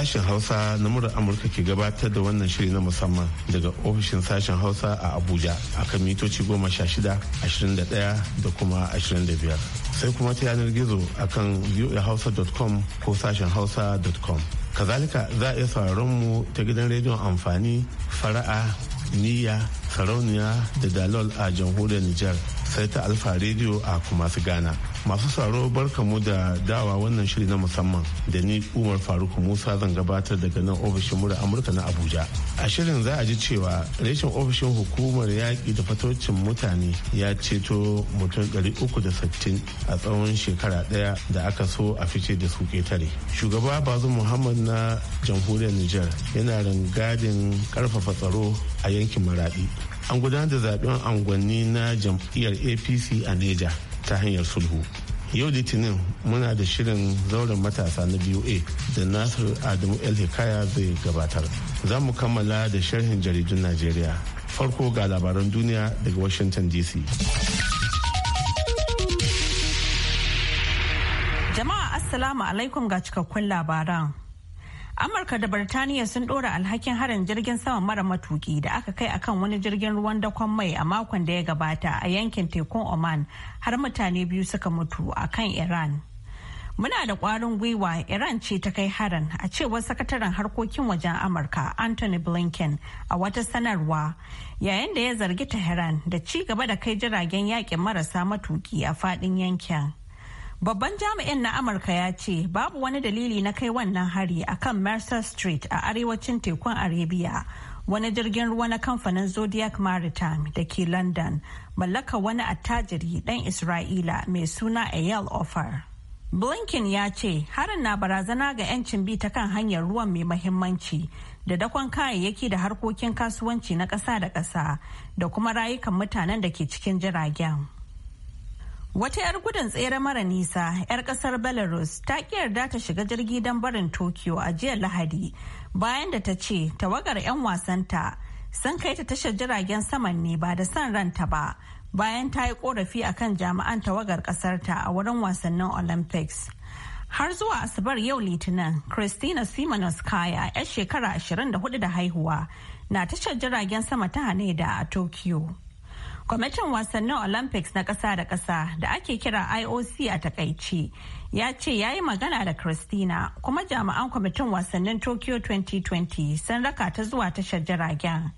sashen hausa na murar amurka ke gabatar da wannan shiri na musamman daga ofishin sashen hausa a abuja akan mitoci goma sha shida ashirin da daya da kuma ashirin da biyar sai kuma ta yanar gizo akan voahausa.com ko sashen hausa.com kazalika za a iya sauraron mu ta gidan rediyon amfani fara'a niyya sarauniya da dalol a jamhuriyar nijar sai ta alfa rediyo a kuma ghana masu saro barkamu da dawa wannan shiri na musamman da ni umar faruk musa zan gabatar daga nan ofishin mura amurka na abuja a shirin za a ji cewa reshen ofishin hukumar yaƙi da fatocin mutane ya ceto mutum 360 a tsawon shekara ɗaya da aka so a fice da su ƙetare shugaba bazu muhammad na jamhuriyar niger yana rangadin karfafa tsaro a yankin maradi an gudanar da zaben unguwanni na jam'iyyar apc a neja ta hanyar sulhu yau litinin muna da shirin zauren matasa na BOA da nasir adamu el hikaya zai gabatar za mu kammala da sharhin jaridun najeriya farko ga labaran duniya daga washington dc jama'a assalamu alaikum ga cikakkun labaran amurka da birtaniya sun dora alhakin harin jirgin sama mara matuki da aka kai akan wani jirgin ruwan dakon mai a makon da ya gabata a yankin tekun oman har mutane biyu suka mutu a kan iran muna da kwarin gwiwa iran ce ta kai harin a cewar sakataren harkokin wajen amurka anthony blinken a wata sanarwa yayin da ya zargi tehran da ci gaba da kai jiragen yakin marasa matuki a faɗin yankin Babban jami'in na Amurka ya ce babu wani dalili na kai wannan hari a kan Mercer Street a arewacin tekun Arabia. Wani jirgin ruwa na kamfanin Zodiac Maritime da ke London mallaka wani attajiri ɗan Isra'ila mai suna Eyal Offer. Blinken ya ce harin na barazana ga 'yancin bi ta kan hanyar ruwan mai mahimmanci da dakon kayayyaki da harkokin kasuwanci na ƙasa da ƙasa da kuma rayukan mutanen da ke cikin jiragen. Wata 'yar gudun tsere mara nisa 'yar kasar Belarus ta ki yarda ta shiga jirgi don barin Tokyo a jiya Lahadi bayan da ta ce tawagar 'yan wasanta sun kai ta tashar jiragen saman ne ba da son ranta ba bayan ta yi korafi a kan jami'an tawagar kasarta a wurin wasannin Olympics. har zuwa asabar yau litinin christina simonoskaya 'yar shekara 24 da haihuwa na tashar jiragen sama ta haneda a tokyo Kwamitin wasannin Olympics na kasa da kasa da ake kira IOC a takaici ya ce ya yi magana da Christina kuma jami'an kwamitin wasannin Tokyo 2020 sun raka ta zuwa tashar jiragen.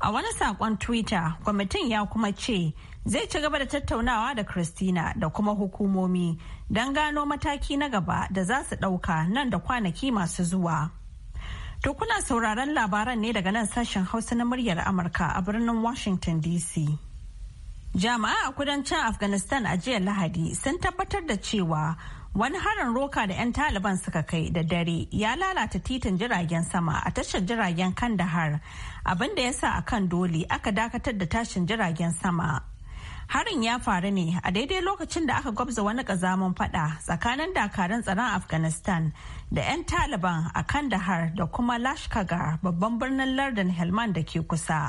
A wani saƙon Twitter, kwamitin ya kuma ce zai ci gaba da tattaunawa da Christina da kuma hukumomi don gano mataki na gaba da za su ɗauka nan da kwanaki masu zuwa. To kuna sauraron labaran ne daga nan sashen Hausa na muryar Amurka a birnin Washington DC. jama'a a kudancin afghanistan a jiya lahadi sun tabbatar da cewa wani harin roka da 'yan taliban suka kai da dare ya lalata titin jiragen sama a tashar jiragen kandahar abinda ya sa a kan dole aka dakatar da tashin jiragen sama harin ya faru ne a daidai lokacin da aka gwabza wani kazamin fada tsakanin dakarun tsaron afghanistan da 'yan taliban a kandahar da kuma lashkagar babban birnin lardin helman da ke kusa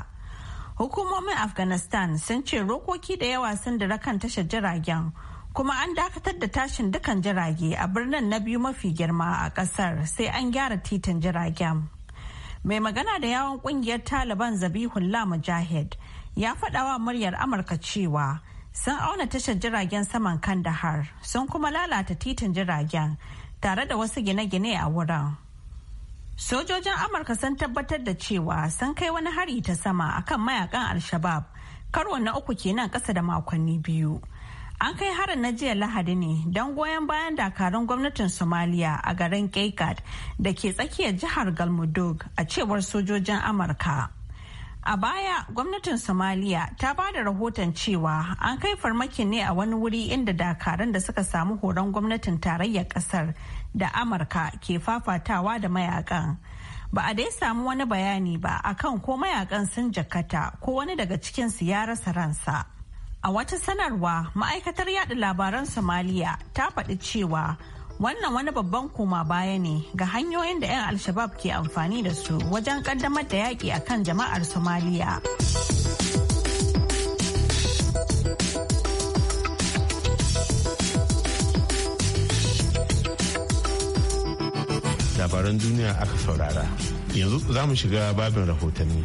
hukumomin afghanistan sun ce rokoki da yawa sun dira kan tashar jiragen kuma an dakatar da tashin dukan jirage a birnin na biyu mafi girma a kasar sai an gyara titin jiragen mai magana da yawon kungiyar taliban zabihullah mujahid ya faɗawa muryar amurka cewa sun auna tashar jiragen saman kandahar sun kuma lalata titin jiragen tare da wasu gine-gine a wurin Sojojin Amurka sun tabbatar da cewa sun kai wani hari ta sama akan mayakan al shabaab Karo na uku kenan kasa da makonni biyu. An kai harin na jiya Lahadi ne don goyon bayan dakarun gwamnatin Somalia a garin Kaikat da ke tsakiyar jihar Galmudug a cewar sojojin Amurka. A baya gwamnatin Somalia ta ba da rahoton cewa an kai farmakin ne a wani wuri inda dakarun da suka samu horon gwamnatin tarayyar kasar da amurka ke fafatawa da mayakan ba a dai samu wani bayani ba akan ko mayakan sun jakata ko wani daga cikinsu ya rasa ransa a wata sanarwa ma'aikatar yada labaran somaliya ta faɗi cewa wannan wani babban koma baya ne ga hanyoyin da 'yan alshabab ke amfani da su wajen kaddamar da yaƙi akan jama'ar somaliya labaran duniya aka saurara yanzu za mu shiga babin rahotanni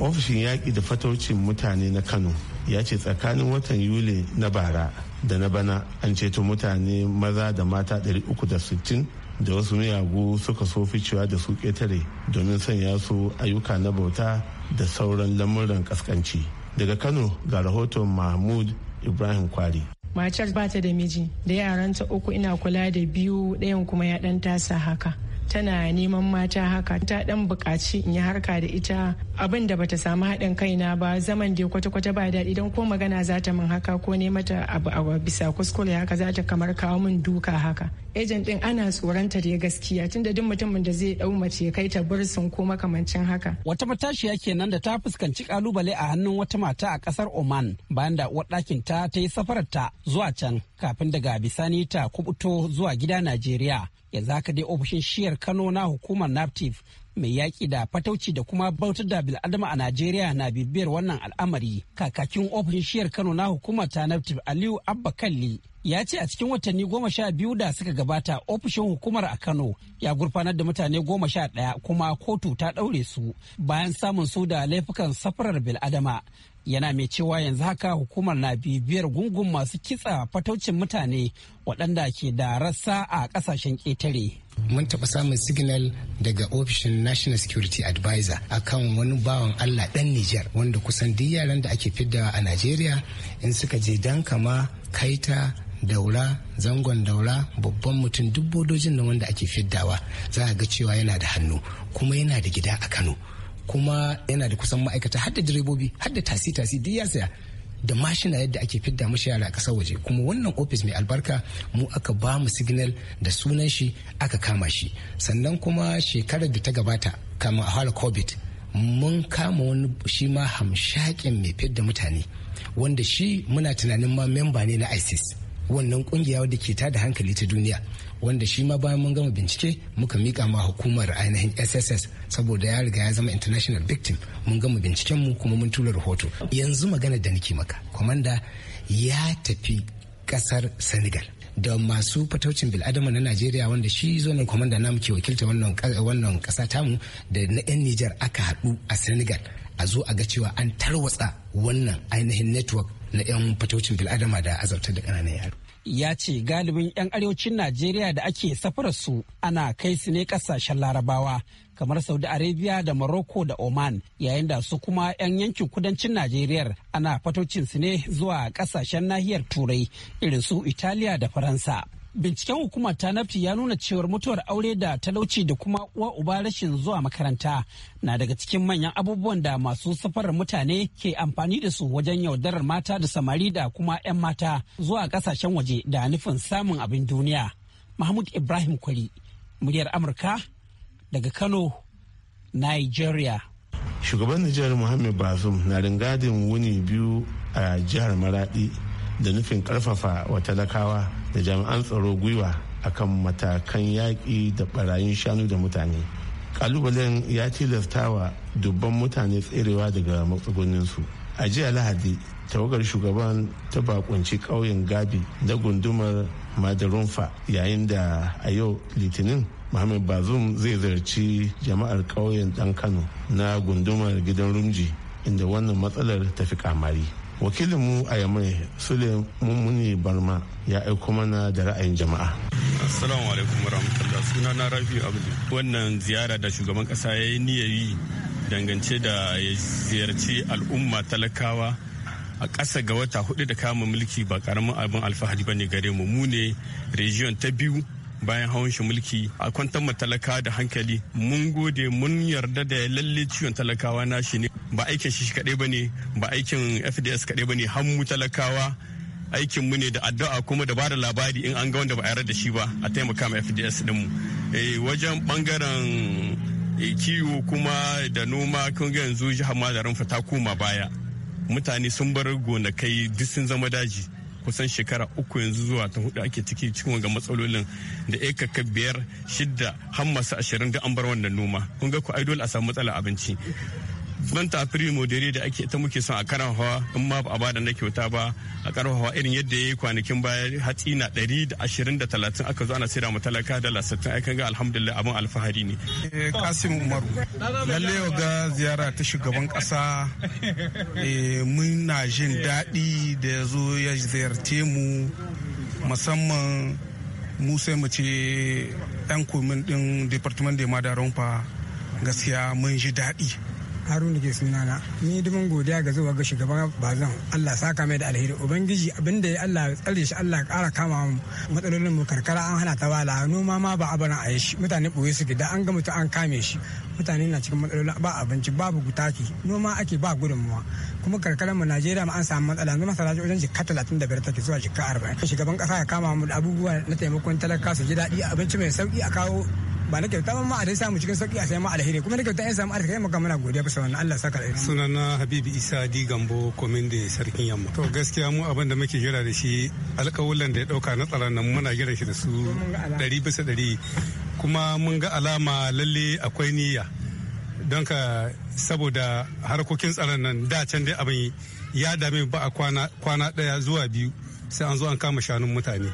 ofishin yaƙi da fataucin mutane na kano ya ce tsakanin watan yuli na bara da na bana an ceto mutane maza da mata 360 da wasu miyagu suka so ficewa da su ƙetare domin sanya su ayyuka na bauta da sauran lamuran kaskanci daga kano ga rahoton mahmud ibrahim kwari matar bata da miji da yaranta uku ina kula da biyu ɗayan kuma ya ɗan tasa haka tana neman mata haka ta dan bukaci in yi harka da ita abin da bata samu haɗin kaina ba zaman da kwata-kwata ba daɗi don ko magana za ta min haka ko ne mata abu a bisa kuskure haka za ta kamar kawo min duka haka ejen din ana tsoronta da gaskiya tunda duk mutumin da zai dau mace kai ta bursun ko makamancin haka wata matashiya kenan da ta fuskanci kalubale a hannun wata mata a kasar Oman bayan da uwar ɗakin ta ta yi safarar ta zuwa can kafin daga bisani ta kubuto zuwa gida Najeriya yanzu haka dai ofishin shiyar kano na hukumar naptif mai yaƙi da fatauci da kuma bautar da bil'adama a najeriya na bibiyar wannan al'amari kakakin ofishin shiyar kano na hukumar ta naptif aliyu abba kalli ya ce a cikin watanni goma sha biyu da suka gabata ofishin hukumar a kano ya gurfanar da mutane goma sha ɗaya kuma kotu ta ɗaure su bayan samun su da laifukan safarar bil'adama yana mai cewa yanzu haka hukumar na bibiyar gungun masu kitsa fataucin mutane waɗanda ke da rassa a ƙasashen ƙetare. mun taɓa samun signal daga ofishin national security advisor akan wani bawan allah ɗan niger wanda kusan duk yaran da ake fidda a nigeria in suka je dan kama kaita daura zangon daura babban mutum duk bodojin na wanda ake fiddawa za a ga cewa yana da hannu kuma yana da gida a kano kuma yana da kusan ma'aikata har da direbobi har da tasi tasi duk ya saya da mashina yadda ake fidda mashi yara a kasar waje kuma wannan ofis mai albarka mu aka ba mu signal da sunan shi aka kama shi sannan kuma shekarar da ta gabata kama a hala covid mun kama wani shi ma hamshakin mai fidda mutane wanda shi muna tunanin ma memba ne na isis wannan kungiya wadda ke ta da hankali ta duniya wanda shi ma bayan mun gama bincike muka mika ma hukumar ainihin sss saboda ya riga ya zama international victim mun gama binciken mu kuma mun tura rahoto yanzu magana da nake maka kwamanda ya tafi kasar senegal da masu fataucin bil'adama na najeriya wanda shi zonin kwamanda namu ke wakilta wannan kasa mu. da na 'yan nijar aka haɗu a senegal a zo a ga cewa an tarwatsa wannan ainihin network na 'yan fataucin bil'adama da azabtar da ƙananan yaro ya ce galibin 'yan arewacin najeriya da ake su ana kai su ne kasashen larabawa kamar saudi arabia da morocco da oman yayin da su kuma 'yan yankin kudancin najeriya ana fatocinsu ne zuwa kasashen nahiyar turai irin su italiya da faransa binciken hukumar ta nafti ya nuna cewar mutuwar aure da talauci da kuma uwa uba rashin zuwa makaranta na daga cikin manyan abubuwan da masu safarar mutane ke amfani da su wajen yaudarar mata da samari da kuma 'yan mata zuwa kasashen waje da nufin samun abin duniya mahmud ibrahim kwari muryar amurka daga kano nigeria shugaban nijar muhammad bazum na ringadin wuni biyu a jihar maradi da nufin karfafa wa talakawa da jami'an tsaro gwiwa akan matakan yaƙi da barayin shanu da mutane kalubalen ya tilasta wa dubban mutane tserewa daga matsuguninsu a jiya lahadi tawagar shugaban ta bakunci ƙauyen gabi da gundumar madarunfa yayin da a yau litinin Muhammad Bazum zai zarci jama'ar ƙauyen ɗan Kano na gundumar gidan Rumji inda wannan matsalar ta fi kamari. wakilin mu a yamai sule mummuni barma ya aiko mana da ra'ayin jama'a assalamu alaikum rahmatulah suna na rafi abdu wannan ziyara da shugaban kasa ya yi niyayi dangance da ya ziyarci al'umma talakawa a ƙasa ga wata hudu da kama mulki ba karamin abin alfahari ba ne gare mu mu ne region ta biyu bayan hawan shi mulki a kwantar talaka da hankali mun gode mun yarda da lalle ciwon talakawa na shi ne ba aikin shi kaɗai ba ne ba aikin fds kaɗai ba ne mu talakawa aikin mu ne da addu'a kuma da bada labari in an ga wanda ba a yarda da shi ba a taimaka ma fds din mu eh, wajen bangaren eh, kiwo kuma da noma kun ga yanzu jihar madarin fa ta koma baya mutane sun bar gonakai duk sun zama daji kusan shekara uku yanzu zuwa ta hudu ake ciki cikin ga matsalolin da ekaka biyar shidda har masu ashirin da an bar wannan noma kun ga ku ai dole a samu matsala abinci banta primo dare da ake ta muke son a karan hawa in ma a bada na kyauta ba a karan hawa irin yadda ya yi kwanakin baya hatsi na ɗari da ashirin da talatin aka zo ana saida mu talaka da sittin aikan ga alhamdulillah abin alfahari ne. Eh, kasim umaru lalle ga ziyara ta shugaban kasa eh, muna jin daɗi da ya zo ya ziyarce mu musamman mu sai mu ce 'yan komin ɗin department de madaron fa gaskiya mun ji daɗi haruna ke sunana ni dumin godiya ga zuwa ga shugaban bazan allah saka mai da alheri ubangiji abinda ya allah tsare shi allah kara kama mu matsalolin mu karkara an hana ta wala noma ma ba abana a shi mutane boye su gida an ga mutum an kame shi mutane na cikin matsalolin ba abinci babu gutaki noma ake ba gudunmuwa kuma karkaran mu najeriya ma an samu matsala na masara wajen jika talatin da biyar take zuwa jika arba'in shugaban kasa ya kama mu da abubuwa na taimakon talaka su ji daɗi abinci mai sauki a kawo ba na kyauta ba ma a samu cikin sauki a sai ma alheri kuma na kyauta in samu alheri kuma muna godiya bisa wannan Allah saka alheri sunana Habibu Isa Di Gambo kominde sarkin yamma to gaskiya mu abin da muke jira da shi alƙawulan da ya dauka na tsaron nan muna jira shi da su 100 bisa 100 kuma mun ga alama lalle akwai niyya don ka saboda harkokin tsaron nan da can dai abin ya dame ba a kwana daya zuwa biyu sai an zo an kama shanun mutane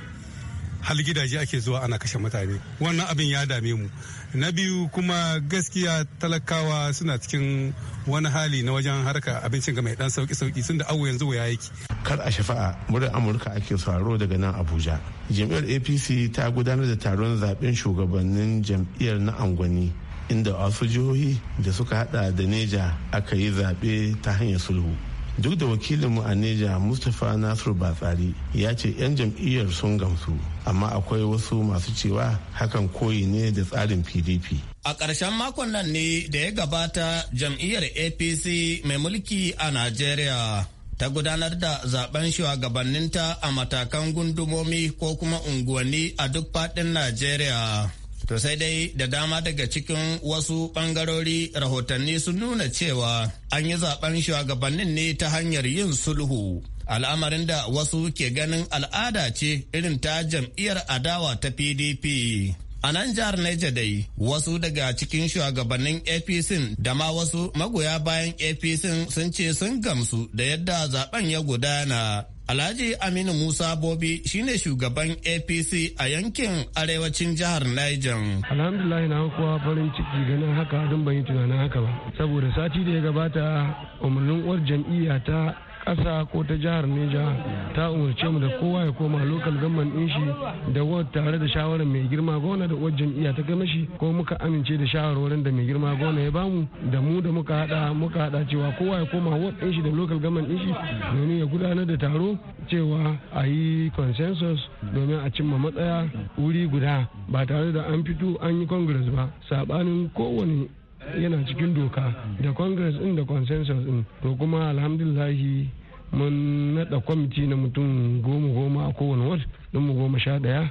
hal gidaje ake zuwa ana kashe mutane wannan abin ya dame mu na biyu kuma gaskiya talakawa suna cikin wani hali na wajen harka abincin ga mai dan sauki sauki sun da awo yanzu ya yake kar a shafa'a murar amurka ake tsaro daga nan abuja jam'iyyar apc ta gudanar da taron zaben shugabannin jam'iyyar na angwani inda wasu jihohi da suka hada da neja aka yi zaɓe ta hanyar sulhu duk da wakilinmu a neja mustapha nasiru batsari ya ce 'yan jam'iyyar sun gamsu amma akwai wasu masu cewa hakan koyi ne da tsarin pdp a ƙarshen makon nan ne da ya gabata jam'iyyar apc mai mulki a nigeria ta gudanar da zaben shugabanninta a matakan gundumomi ko kuma unguwanni a duk faɗin nigeria. To sai dai da dama daga cikin wasu ɓangarori rahotanni sun nuna cewa an yi zaben shugabannin ne ta hanyar yin sulhu. Al'amarin da wasu ke ganin al'ada ce irin ta jam'iyyar adawa ta PDP. A nan jihar Niger dai wasu daga cikin shugabannin APC da ma wasu magoya bayan APC sun ce sun gamsu da yadda zaben ya gudana Alhaji Aminu Musa Bobi shine shugaban APC a yankin arewacin jihar Niger. Alhamdulillah na kuwa farin ciki ganin haka don ban yi tunanin haka ba. Saboda sati da ya gabata umarnin uwar jam'iyya ta kasa ko ta jihar neja ta umarce mu da kowa ya koma lokal gamman din shi da ward tare da shawarar mai girma gona da uwar jam'iyya ta gama shi ko muka amince da shawarwarin da mai girma gona ya bamu da mu da muka hada muka hada cewa kowa ya koma ward ɗin shi da lokal gamman din shi domin ya gudanar da taro cewa a yi consensus domin a cimma matsaya wuri guda ba tare da an fito an yi congress ba sabanin kowane yana cikin doka da congress din da consensus din to kuma alhamdulillahi mun nada kwamiti na mutum goma goma a kowane ward don mu goma sha daya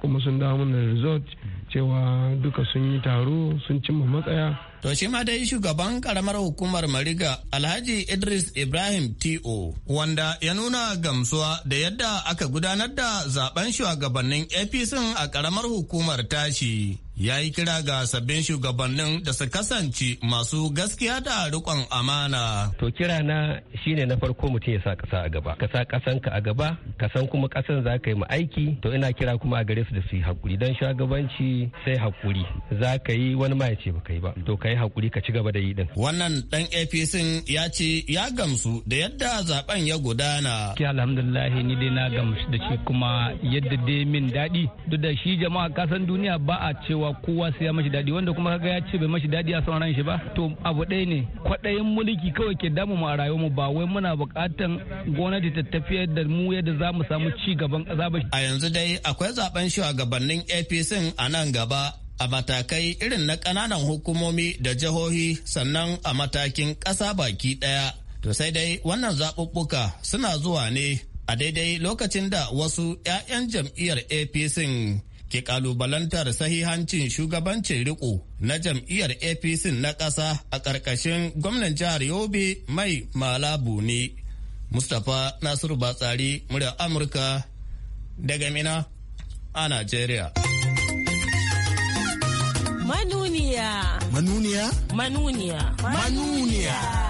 kuma sun dawo mana result cewa duka sun yi taro sun cimma matsaya To shi ma dai shugaban karamar hukumar Mariga Alhaji Idris Ibrahim TO wanda ya nuna gamsuwa da yadda aka gudanar da zaben shugabannin APC a karamar hukumar tashi. ya yi kira ga sabbin shugabannin da su kasance masu gaskiya da rikon amana. To kira na shine na farko mutum ya sa ƙasa a gaba. Ka sa ƙasanka a gaba, ka san kuma kasan za ka yi aiki, to ina kira kuma a gare su da su yi haƙuri. Don shugabanci sai haƙuri. Za ka yi wani ma ya ce ba yi ba. To ka yi haƙuri ka ci gaba da yi din. Wannan ɗan APC ya ce ya gamsu da yadda zaben ya gudana. Ki alhamdulillah ni dai na gamsu da shi kuma yadda dai min daɗi. Duk da shi jama'a kasan duniya ba a cewa kowa sai ya mashi daɗi wanda kuma kaga ya ce bai mashi daɗi a son ran shi ba to abu ɗaya ne kwaɗayin mulki kawai ke damu mu a rayuwar ba wai muna buƙatan gwamnati ta tafiyar da mu yadda za mu samu ci gaban ƙasa ba. A yanzu dai akwai zaben shugabannin APC a nan gaba a matakai irin na ƙananan hukumomi da jihohi sannan a matakin ƙasa baki ɗaya. To sai dai wannan zaɓuɓɓuka suna zuwa ne a daidai lokacin da wasu 'ya'yan jam'iyyar APC ke kalubalantar sahihancin shugabancin riko na jam'iyyar apc na ƙasa a ƙarƙashin gwamnan jihar yobe mai malabu ne mustapha nasiru batsari murya amurka daga mina a nigeria manuniya manuniya manuniya manuniya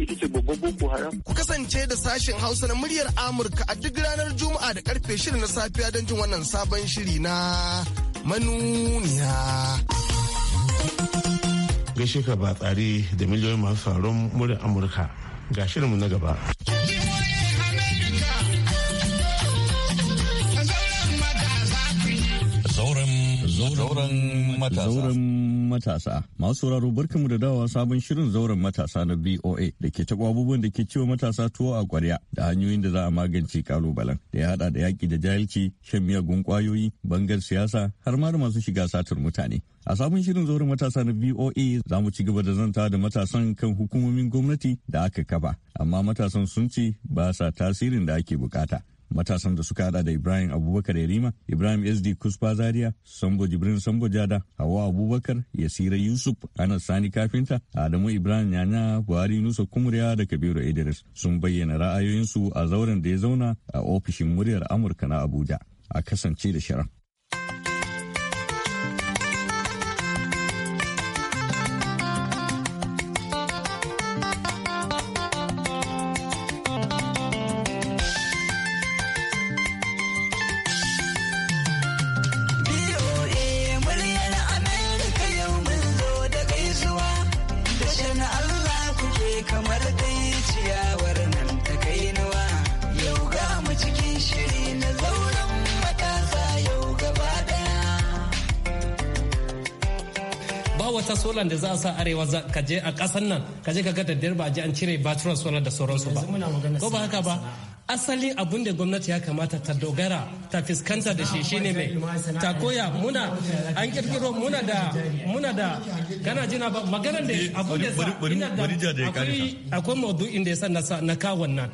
ita ce babban boko haram. Ku kasance da sashen Hausa na muryar Amurka a duk ranar Juma'a da karfe shirin na safiya don jin wannan sabon shiri na manuniya. Gaishe ka ba tsari da miliyoyin masu sauran muryar Amurka ga shirin mu na gaba. Zauren matasa. Zauren matasa. Masu sauraro barkamu da dawa sabon shirin zauren matasa na BOA da ke taɓa abubuwan da ke cewa matasa tuwo a ƙwarya da hanyoyin da za a magance kalubalen da ya haɗa da yaƙi da jahilci, shan miyagun ƙwayoyi, bangar siyasa har ma da masu shiga satar mutane. A sabon shirin zauren matasa na boa za mu ci gaba da zanta da matasan kan hukumomin gwamnati da aka kafa, amma matasan sun ce ba sa tasirin da ake bukata. matasan da suka hada da ibrahim abubakar yarima ibrahim sd kuspa zaria sambo jibrin sambo jada hawa abubakar yasira yusuf Ana sani kafinta adamu ibrahim Yanya, buhari nusa kumuriya da kabiru idris sun bayyana ra'ayoyinsu a zauren da ya zauna a ofishin muryar amurka na abuja a kasance da shara. wata solar da za a sa arewa ka je a kasan nan ka je ka ga daddare ba a je an cire baturan solar da sauransu ba ko ba haka ba asali abin da gwamnati ya kamata ta dogara ta fiskanta da shi shine mai ta koya muna an kirkiro muna da muna da kana jina ba maganar da eh, abu da sa da akwai maudu'in da ya sa na kawon nan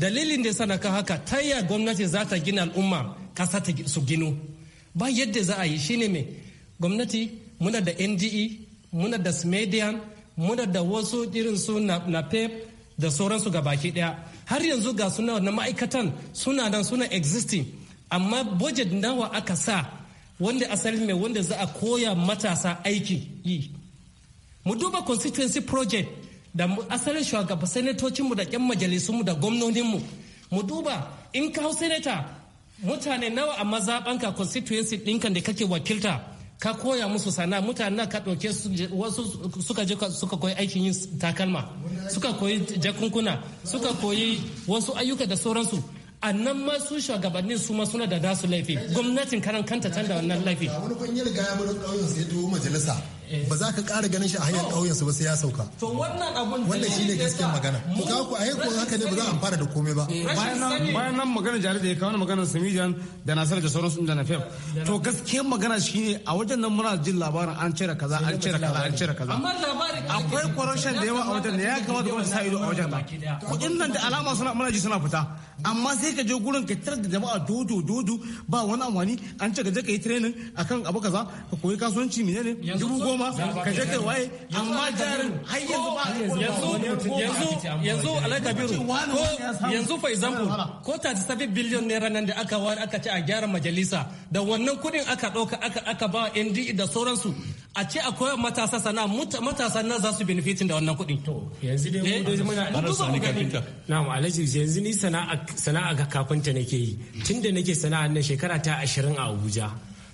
dalilin da ya sa na kawo haka ta yaya gwamnati za ta gina al'umma kasa ta su ginu ba yadda za a yi shine mai gwamnati muna da NDE muna da smedian muna da wasu irin su napep da sauransu ga baki daya har yanzu ga suna na ma'aikatan suna nan suna existing amma budget nawa aka sa wanda asali mai wanda za a koya matasa aiki yi mu duba constituency project da asalin shugaban mu da 'yan mu da gwamnonin mu duba in ka hau senator mutane nawa a mazaɓanka constituency ɗinka da kake wakilta ka koya musu sana mutanen ka ɗauke wasu suka je suka koyi aikin yin takalma suka koyi jakunkuna suka koyi wasu ayyuka da sauransu a nan ma su shugabannin su ma suna da nasu laifi gwamnatin karan kanta da wannan laifi wani kun yi ya majalisa ba za ka ƙara ganin shi a hanyar oh. ƙauyen su ba sai ya sauka to wannan abun wannan shine gaskiyar magana to ka ku a ko haka ne ba za a fara da komai ba bayan nan bayan nan magana jari da ya kawo magana Samijan da nasar da sauransu da Nafef to gaskiyar magana shine a wajen nan muna jin labarin an cire kaza an cire kaza an cire kaza akwai corruption da yawa a wajen ne ya kamata gwamnati sa ido a wajen nan kuɗin nan da alama suna muna ji suna fita amma sai ka je gurin ka tarar da jama'a dodo dodo ba wani amfani an ce ka je ka yi training akan abu kaza ka koyi kasuwanci menene dubu goma ba ka je ka waye amma jarin har yanzu ba yanzu yanzu yanzu alaka biru ko yanzu for example ko 37 billion naira nan da aka ware aka ce a gyara majalisa da wannan kudin aka dauka aka aka ba NDE da sauransu a ce a koyar matasa sana matasa nan za su benefitin da wannan kudin To yanzu dai mun eh? dai muna arasa ni kafinta. Na'am Alhaji yanzu ni sana'a sana'a ga kafinta nake yi tunda nake sana'a na shekara ta 20 a Abuja.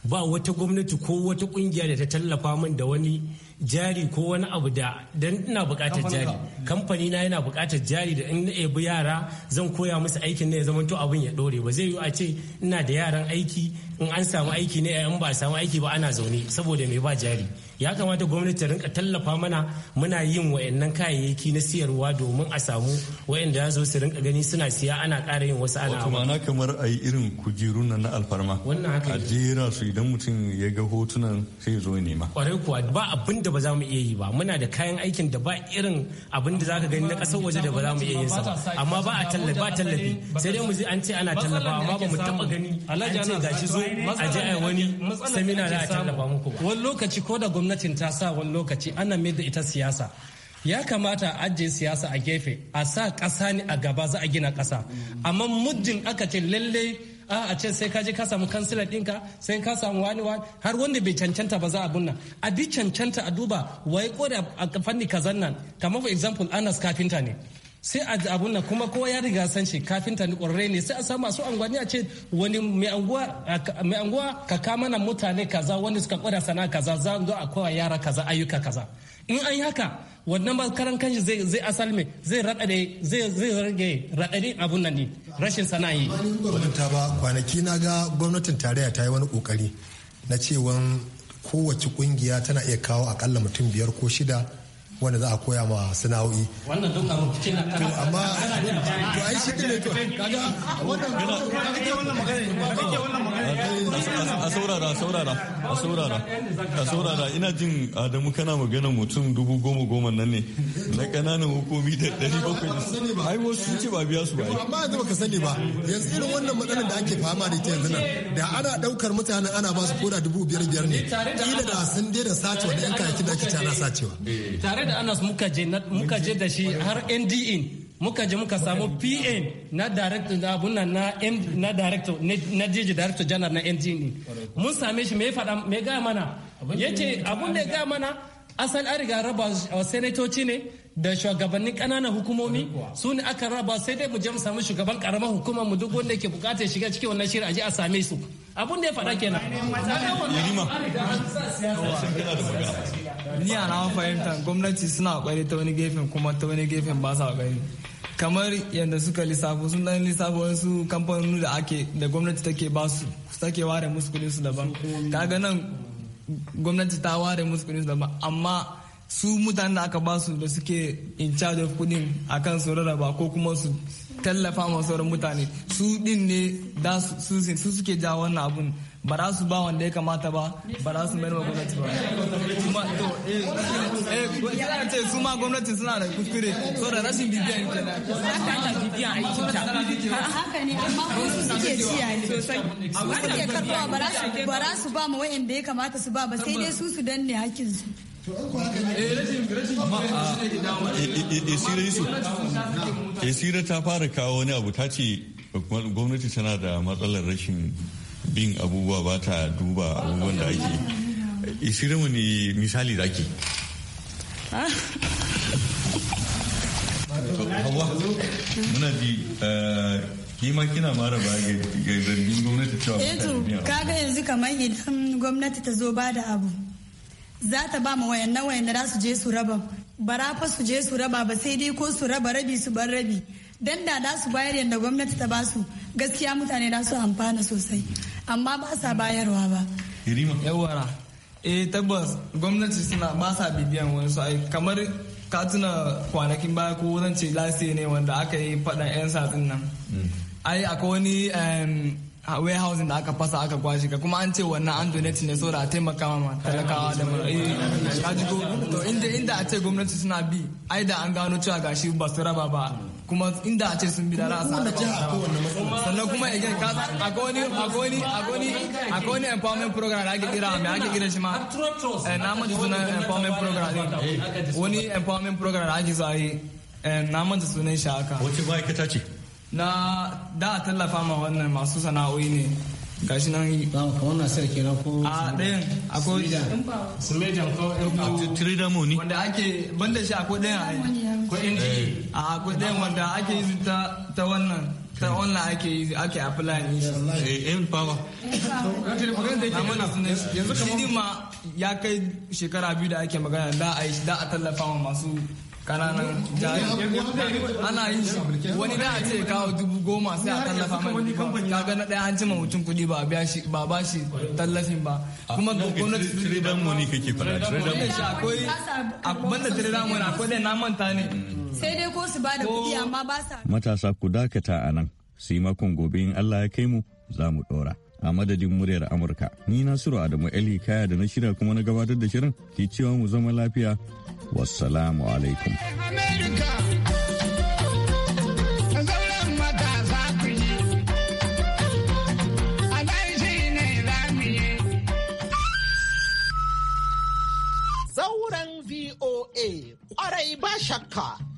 ba wata gwamnati ko wata kungiya da ta tallafa min da wani jari ko wani abu da dan ina bukatar jari kamfani na yana bukatar jari da in na yara zan koya musu aikin na ya zama to abin ya dore ba zai yi a ce ina da yaran aiki in an samu aiki ne in ba samu aiki ba ana zaune saboda mai ba jari ya kamata gwamnati ta rinka tallafa mana muna yin wayannan kayayyaki na siyarwa domin a samu wayanda ya zo su rinka gani suna siya ana ƙara yin wasu ana kuma na kamar a yi irin kujeru nan na alfarma wannan haka a jera su idan mutum ya ga hotunan sai ya zo ya nema kwarai kuwa ba abin da ba za mu iya yi ba muna da kayan aikin da ba irin abin da zaka gani na ƙasar waje da ba za mu iya yin sa ba amma ba a tallafi sai dai mu ji an ce ana tallafa amma ba mu taɓa gani an ce gashi zo a ji a wani samina da a tallafa muku ba wani lokaci ko da gwamnatin ta sa wani lokaci ana mai da ita siyasa ya kamata a ajiye siyasa a gefe a sa ƙasa ne a gaba za a gina ƙasa amma muddin aka ce lallai a ce sai ka je ka samu kansila ɗinka sai ka samu wani wani har wanda bai cancanta ba za a bunna a bi cancanta a duba wai da a fanni kazan nan kamar for example anas kafinta ne sai a abun nan kuma kowa ya riga san shi kafinta ni ƙwararre ne sai a samu masu angwani a ce wani mai anguwa ka kama na mutane kaza wani suka kwada sana kaza za zo a kowa yara kaza ayyuka kaza in an yi haka wannan makarantar kanshi zai zai asal zai rage raɗaɗe abun nan ne rashin sana'a yi. ba kwanaki na ga gwamnatin tarayya ta yi wani kokari na cewa kowace kungiya tana iya kawo akalla mutum biyar ko shida wanda za a koya ma sana'o'i. Wannan duk abu cikin na kana amma to ai shi ne to kaga wannan kaga wannan magana kaga wannan magana eh, a saurara a saurara a saurara a saurara ina jin Adamu kana magana mutum dubu goma goma nan ne na kananan hukumi da ɗari bakwai ai wasu sun ce ba biya su ba amma yanzu baka sani ba yanzu irin wannan matsalar da ake fama da ita yanzu nan da ana ɗaukar mutanen ana ba su koda dubu biyar biyar ne kila da sun da sacewa da yan kayakin da ake tana sacewa da anas muka je muka je da shi har ndin muka je muka samu pn na director na abun nan na na director na dj director janar na ndin mun same shi me faɗa me ga mana yace abun da ga mana asal an riga raba senatoci ne da shugabannin kananan hukumomi su ne aka raba sai dai mu je mu samu shugaban karamar hukumar mu duk wanda ke bukatar shiga cikin wannan shirin aje a same su abun da ya faɗa kenan ni a na fahimta gwamnati suna kwari ta wani gefen kuma ta wani gefen ba sa kwari kamar yadda suka lissafo sun dan lissafo wasu kamfanoni da ake da gwamnati take ba su take ware musu kudin su daban kaga nan gwamnati ta ware musu kudin su amma su mutanen da aka basu da suke in charge of kudin kan su rarraba ko kuma su tallafa masu sauran mutane su din ne su suke jawo wannan abun ba za su ba wanda ya kamata ba ba za su mai wa gwamnati ba kuma to eh, eh, eh ce su ma gwamnati suna da kuskure so da rashin bibiyan kenan amma ko su suke ciya ne sosai suke karbawa ba za su ba ma wa'anda ya kamata su ba ba sai dai su su danne hakkin eh, ah, su Esira ta fara kawo wani abu ta ce gwamnati tana da matsalar rashin bin abubuwa ba ta duba abubuwan da ake eh, isira wani misali da ake hawa muna ji eh, kima kina mara ba ga zargin gwamnati cewa eto eh kaga yanzu kamar idan gwamnati ta zo ba da abu za ta ba ma na wayan da su je su raba bara fa su je su raba ba sai dai ko su raba rabi su bar rabi dan da da su bayar yadda gwamnati ta ba su gaskiya mutane da su amfana sosai amma ba sa bayarwa ba yawara eh tabbas gwamnati suna ba sa bibiyan wasu kamar ka tuna kwanakin baya ko zan ce lase ne wanda aka yi faɗan 'yan satin nan mm. ai akwai wani warehousing da aka fasa aka kwashe ka kuma an ce wannan an donate ne saboda a taimaka ma talakawa da mara eh to inda inda a ce gwamnati suna bi ai da an gano cewa gashi ba su raba ba kuma inda a ce sun bi da ra'a sa sannan kuma again ka agoni agoni agoni empowerment program da ake kira mai ake kira shi ma eh, na manta sunan empowerment program wani empowerment program da ake zuwa yi eh, na manta sunan shi haka wace ma'aikata ce na da a tallafa ma wannan masu sana'o'i ne gashi nan yi ba mu wannan sai kenan ko a ɗayan akwai sumedan ko tridamo ne wanda ake banda shi akwai ɗayan ko inji eh. a akwai ɗayan wanda ake yi ta ta wannan ta wannan eh. ake yi ake apply ne eh in power yanzu kamar ma ya kai shekara biyu da ake magana da a yi da a tallafa wa masu kananan ana yin shi wani da a ce kawo dubu goma sai a tallafa mai ka ga na ɗaya an cima mutum kuɗi ba biya shi ba ba shi tallafin ba kuma gwamnati su ne dan money kake fara trade money shi akwai banda akwai da na manta ne sai dai ko su ba da kuɗi amma ba sa matasa ku dakata a nan su yi makon gobe in Allah ya kai mu za mu ɗora. a madadin muryar amurka ni nasiru adamu eli kaya da na shirya kuma na gabatar da shirin ke cewa mu zama lafiya wassalamu alaikum sauran VOA, ƙwarai ba shakka.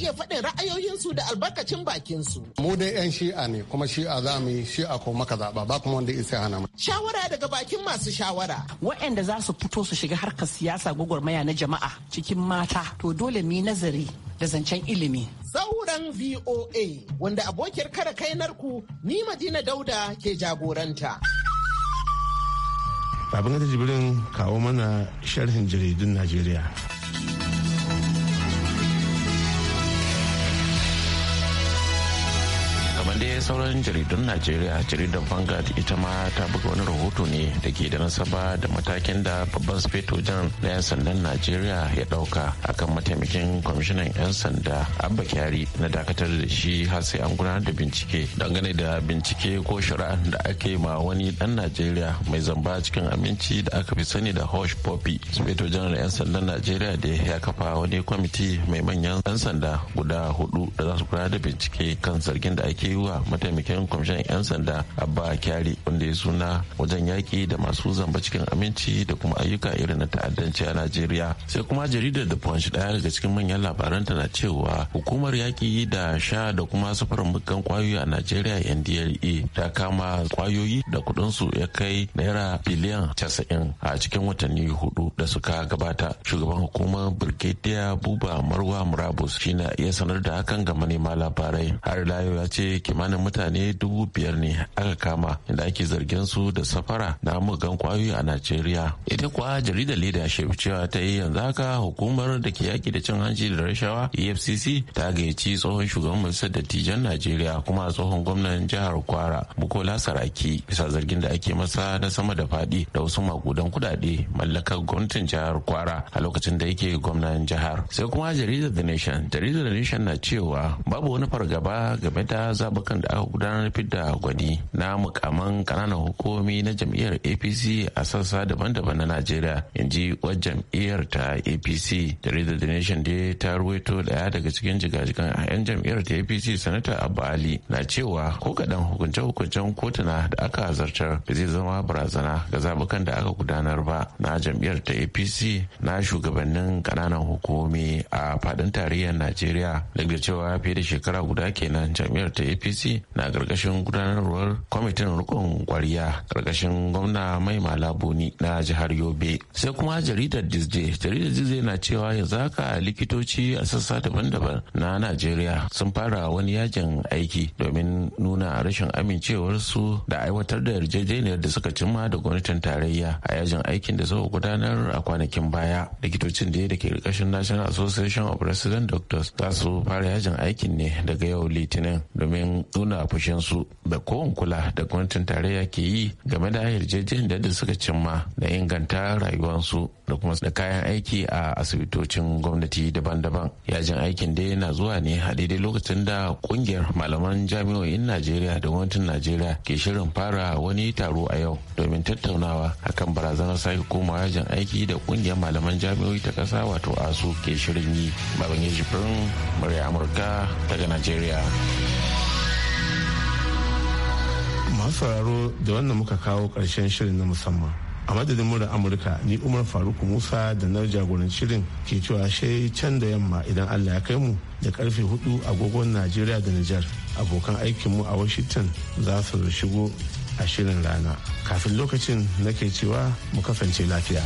iya faɗin ra'ayoyinsu da albarkacin bakinsu. Mu dai 'yan shi'a ne kuma shi'a za mu yi shi'a ko maka zaɓa ba kuma wanda isa hana mana. Shawara daga bakin masu shawara. Waɗanda za su fito su shiga harkar siyasa gwagwarmaya na jama'a cikin mata to dole mu yi nazari da zancen ilimi. Sauran VOA wanda abokiyar kare kainarku ni Madina Dauda ke jagoranta. Babin Jibirin kawo mana sharhin jaridun Najeriya. dai sauran jaridun najeriya jaridar vanguard ita ma ta buga wani rahoto ne da ke da nasaba da matakin da babban sufeto jan na 'yan sandan najeriya ya dauka akan mataimakin kwamishinan 'yan sanda abba kyari na dakatar da shi har sai an gudanar da bincike dangane da bincike ko shari'a da ake ma wani dan najeriya mai zamba cikin aminci da aka fi sani da hosh poppy sufeto jan na 'yan sandan najeriya da ya kafa wani kwamiti mai manyan 'yan sanda guda hudu da za su gudanar da bincike kan zargin da ake yi zuwa mataimakin kwamishinan 'yan sanda abba kyari wanda ya suna wajen yaƙi da masu zamba cikin aminci da kuma ayyuka irin na ta'addanci a najeriya sai kuma jaridar da punch daya daga cikin manyan labaran na cewa hukumar yaƙi da sha da kuma safarin mukan kwayoyi a najeriya ndle ta kama kwayoyi da kuɗinsu ya kai naira biliyan casa'in a cikin watanni hudu da suka gabata shugaban hukumar birgediya buba marwa murabus shi na iya sanar da hakan ga manema labarai har layo ya ce kimanin mutane dubu biyar ne aka kama inda ake ake zargin su da safara na mugan kwayoyi a Najeriya. Ita kuwa jaridar leadership cewa ta yi yanzu haka hukumar da ke yaki da cin hanci da rashawa EFCC ta gayyaci tsohon shugaban majalisar dattijan Najeriya kuma tsohon gwamnan jihar Kwara Bukola Saraki bisa zargin da ake masa na sama da fadi da wasu makudan kudade mallakar gwamnatin jihar Kwara a lokacin da yake gwamnan jihar. Sai kuma jaridar The Nation, jaridar The Nation na cewa babu wani fargaba game da zabukan da aka gudanar fidda gwani na mukaman kananan hukumomi na jam'iyyar apc a sassa daban-daban na najeriya in ji jam'iyyar ta apc jaridar the nation dai ta ruwaito daya daga cikin jigajigan a 'yan jam'iyyar ta apc sanata abu ali na cewa ko kaɗan hukunce-hukuncen kotuna da aka zartar ba zai zama barazana ga zabukan da aka gudanar ba na jam'iyyar ta apc na shugabannin kananan hukumomi a fadin tarihin najeriya duk da cewa fiye da shekara guda kenan jam'iyyar ta apc na ƙarƙashin gudanarwar kwamitin rikon rikon kwarya karkashin gwamna mai malabuni na jihar yobe sai kuma jaridar disney jaridar disney na cewa yanzu haka likitoci a sassa daban-daban na najeriya sun fara wani yajin aiki domin nuna rashin amincewarsu da aiwatar da yarjejeniyar da suka cimma da gwamnatin tarayya a yajin aikin da suka gudanar a kwanakin baya likitocin da ke karkashin national association of resident doctors za su fara yajin aikin ne daga yau litinin domin nuna fushinsu da kowane kula da gwamnatin tarayya tarayya ke yi game da yarjejeniyar da suka cimma na inganta rayuwarsu da kuma da kayan aiki a asibitocin gwamnati daban-daban yajin aikin dai yana zuwa ne a daidai lokacin da kungiyar malaman jami'o'in najeriya da gwamnatin najeriya ke shirin fara wani taro a yau domin tattaunawa akan barazanar sake koma yajin aiki da kungiyar malaman jami'o'i ta kasa wato asu ke shirin yi baban yajin firin murya amurka daga najeriya masu sauraro da wannan muka kawo ƙarshen shirin na musamman a madadin murar amurka ni umar faruk musa da na jagoran shirin ke cewa shai can da yamma idan allah ya kai mu da karfe hudu agogon najeriya da nijar abokan aikinmu a washington za su shigo a shirin rana kafin lokacin nake cewa mu kasance lafiya.